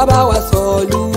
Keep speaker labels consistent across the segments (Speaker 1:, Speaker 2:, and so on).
Speaker 1: wá bá wa sọ̀lú.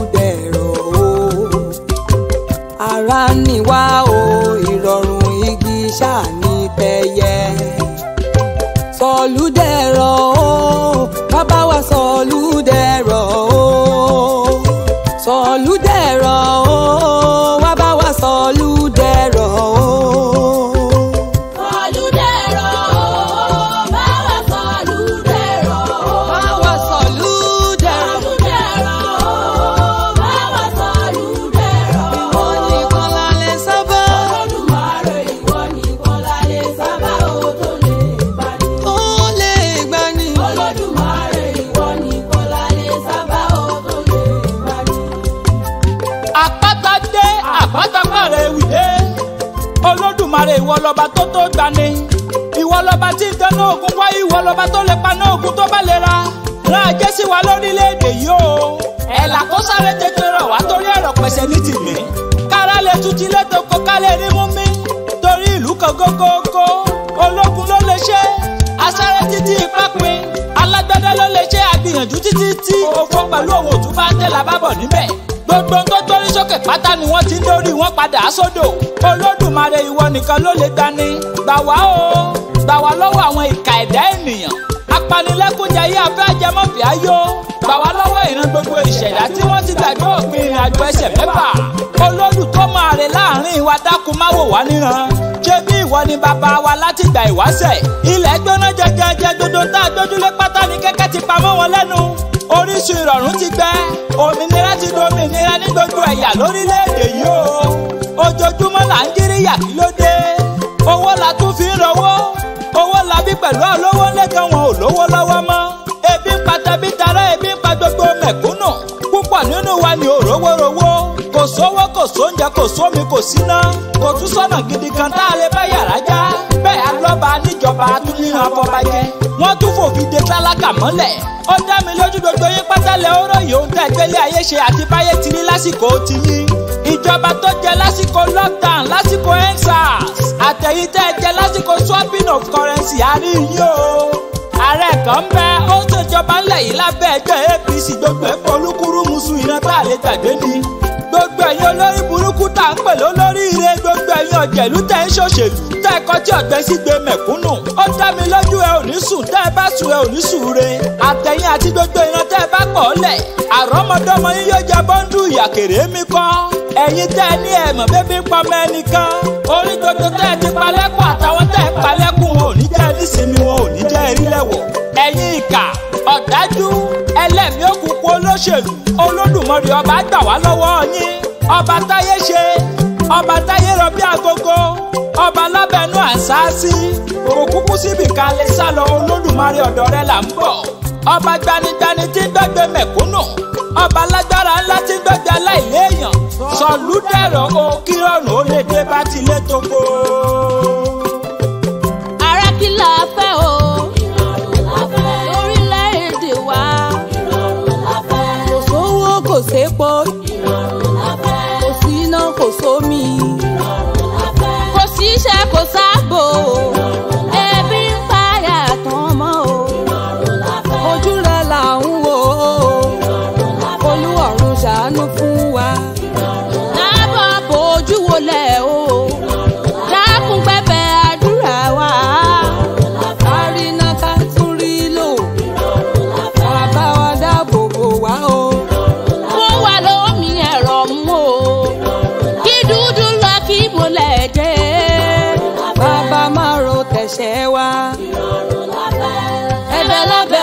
Speaker 1: Mare ìwọ lọba tó tó gbani ìwọ lọba tí ń tẹnu ògùn wá ìwọ lọba tó lè paná ògùn tó bá lè ra rán ajé sí wa lórílẹ̀‐èdè yìí o ẹ̀là kó sáré tètè rọ̀ wá torí ẹ̀rọ̀ pẹ̀sẹ̀ ní tìmí kára lè tutù ilé tó kó ká lè rí mú mi torí ìlú kan gógógó ológun ló lè ṣe asáré títí ipá pin alágbádá ló lè ṣe àgbìyànjú títí tí òfò pẹ̀lú òwò tó lókè pátá ni wọ́n ti ń dórí wọn padà sódò olódùmarè ìwọ nìkan ló lè dání gbà wá o gbà wá lọ́wọ́ àwọn ìka ẹ̀dá ènìyàn apanilẹ́kúnjẹ yí abẹ́ ajẹmọ́fìá yó gbà wá lọ́wọ́ ìran gbogbo ìṣẹ̀dá tí wọ́n ti gbàgbé òpin ìrìn àjò ẹsẹ̀ mẹ́fà olódù tó máa rè láàrin ìwà dákun má wò wá níran ṣé bí ìwọ ni bàbá wa láti gbà ìwáṣẹ̀ ilẹ̀ gbóná jẹjẹjẹ dodo tá a dójúlé pátá ni kẹ́kẹ́ ti pamọ́ wọn lẹ́nu orísun ìrọ̀rùn ti gbẹ òmìnira gbogbo ẹ̀yà lórílẹ̀‐èdè yìí o ojoojúmọ́ là ń gíríyà kí ló dé owó la tún fi ń rọwọ́ owó la bí pẹ̀lú olówó lẹ́gàn wọn ò lówó lọ́wọ́ mọ́ ebi ń pa tẹbí tará ebi ń pa gbogbo mẹ̀kúnnù púpọ̀ nínú wa ni òrówórowó kò sówó kò sóúnjẹ kò sómi kò síná kò tún sọ́nà gidi kan tá a lè bá yàrá já bẹ́ẹ̀ alọ́ba níjọba tún ní àfọ̀bàjẹ́ wọ́n tún fòfin de tálákà mọ́lẹ̀ ó dá mi lójú gbogbo yín pátálẹ̀ ó ròyìn ohun tẹ́ gbélé ayé ṣe àti báyé ti rí lásìkò ti yín ìjọba tó jẹ lásìkò lockdown lásìkò ensars àtẹ̀yìn tẹ́ jẹ lásìkò swapping of currency àárín yìí o ààrẹ kan bẹ ó ṣèjọba ńlẹ̀ yìí lábẹ́ ẹgbẹ́ APC gbogbo ẹ̀ polúkúrú musu ìrántá àlejò àgbẹ̀ ni gbogbo ẹ̀yin olórí burúkú tá ń pè lólórí ire gbogbo ẹ̀yin ọ̀jẹ̀lú tẹ́ ń ṣòṣèlú tẹ́ ẹ̀kọ́ tí ọ̀gbẹ́ sí gbé mẹ̀kúnnù ó dá mi lójú ẹ ò ní sùn tẹ́ ẹ bá sùn ẹ ò ní sùn re àtẹ̀yìn àti gbogbo ìran tẹ́ bá pọ̀ lẹ̀ àrọ́mọdọ́mọ yín yóò jẹ bọ́ńdù ìyàkèrè mi kọ́ ẹ̀yin tẹ́ ẹ ní ẹ̀mọ̀ bébí ń pamọ́ ẹnìkan orí gbogbo tẹ́ ẹ ti palẹ́kùn àtàwọn tẹ́ ẹ palẹ́kùn wọn ò ní jẹ́ nísìnyí wọn ò ní jẹ́ erílẹ̀wọ̀ ẹ̀yin ìkà olóṣèlú olódùmarè ọba gbà wá lọ́wọ́ yín ọba táyé ṣe ọba táyé rọ bí agogo ọba lábẹ́nú àṣáṣí kò kúkú síbi ká lè sá lọ olódùmarè ọ̀dọ̀ rẹ là ń bọ̀ ọba gbanigbani tí gbẹgbẹ mẹ̀kúnnù ọba lágbára ńlá tí gbẹgbẹ aláìléèyàn sọlúdẹ̀rọ̀ o kí ó lè dé bá tilé tókòó. bela.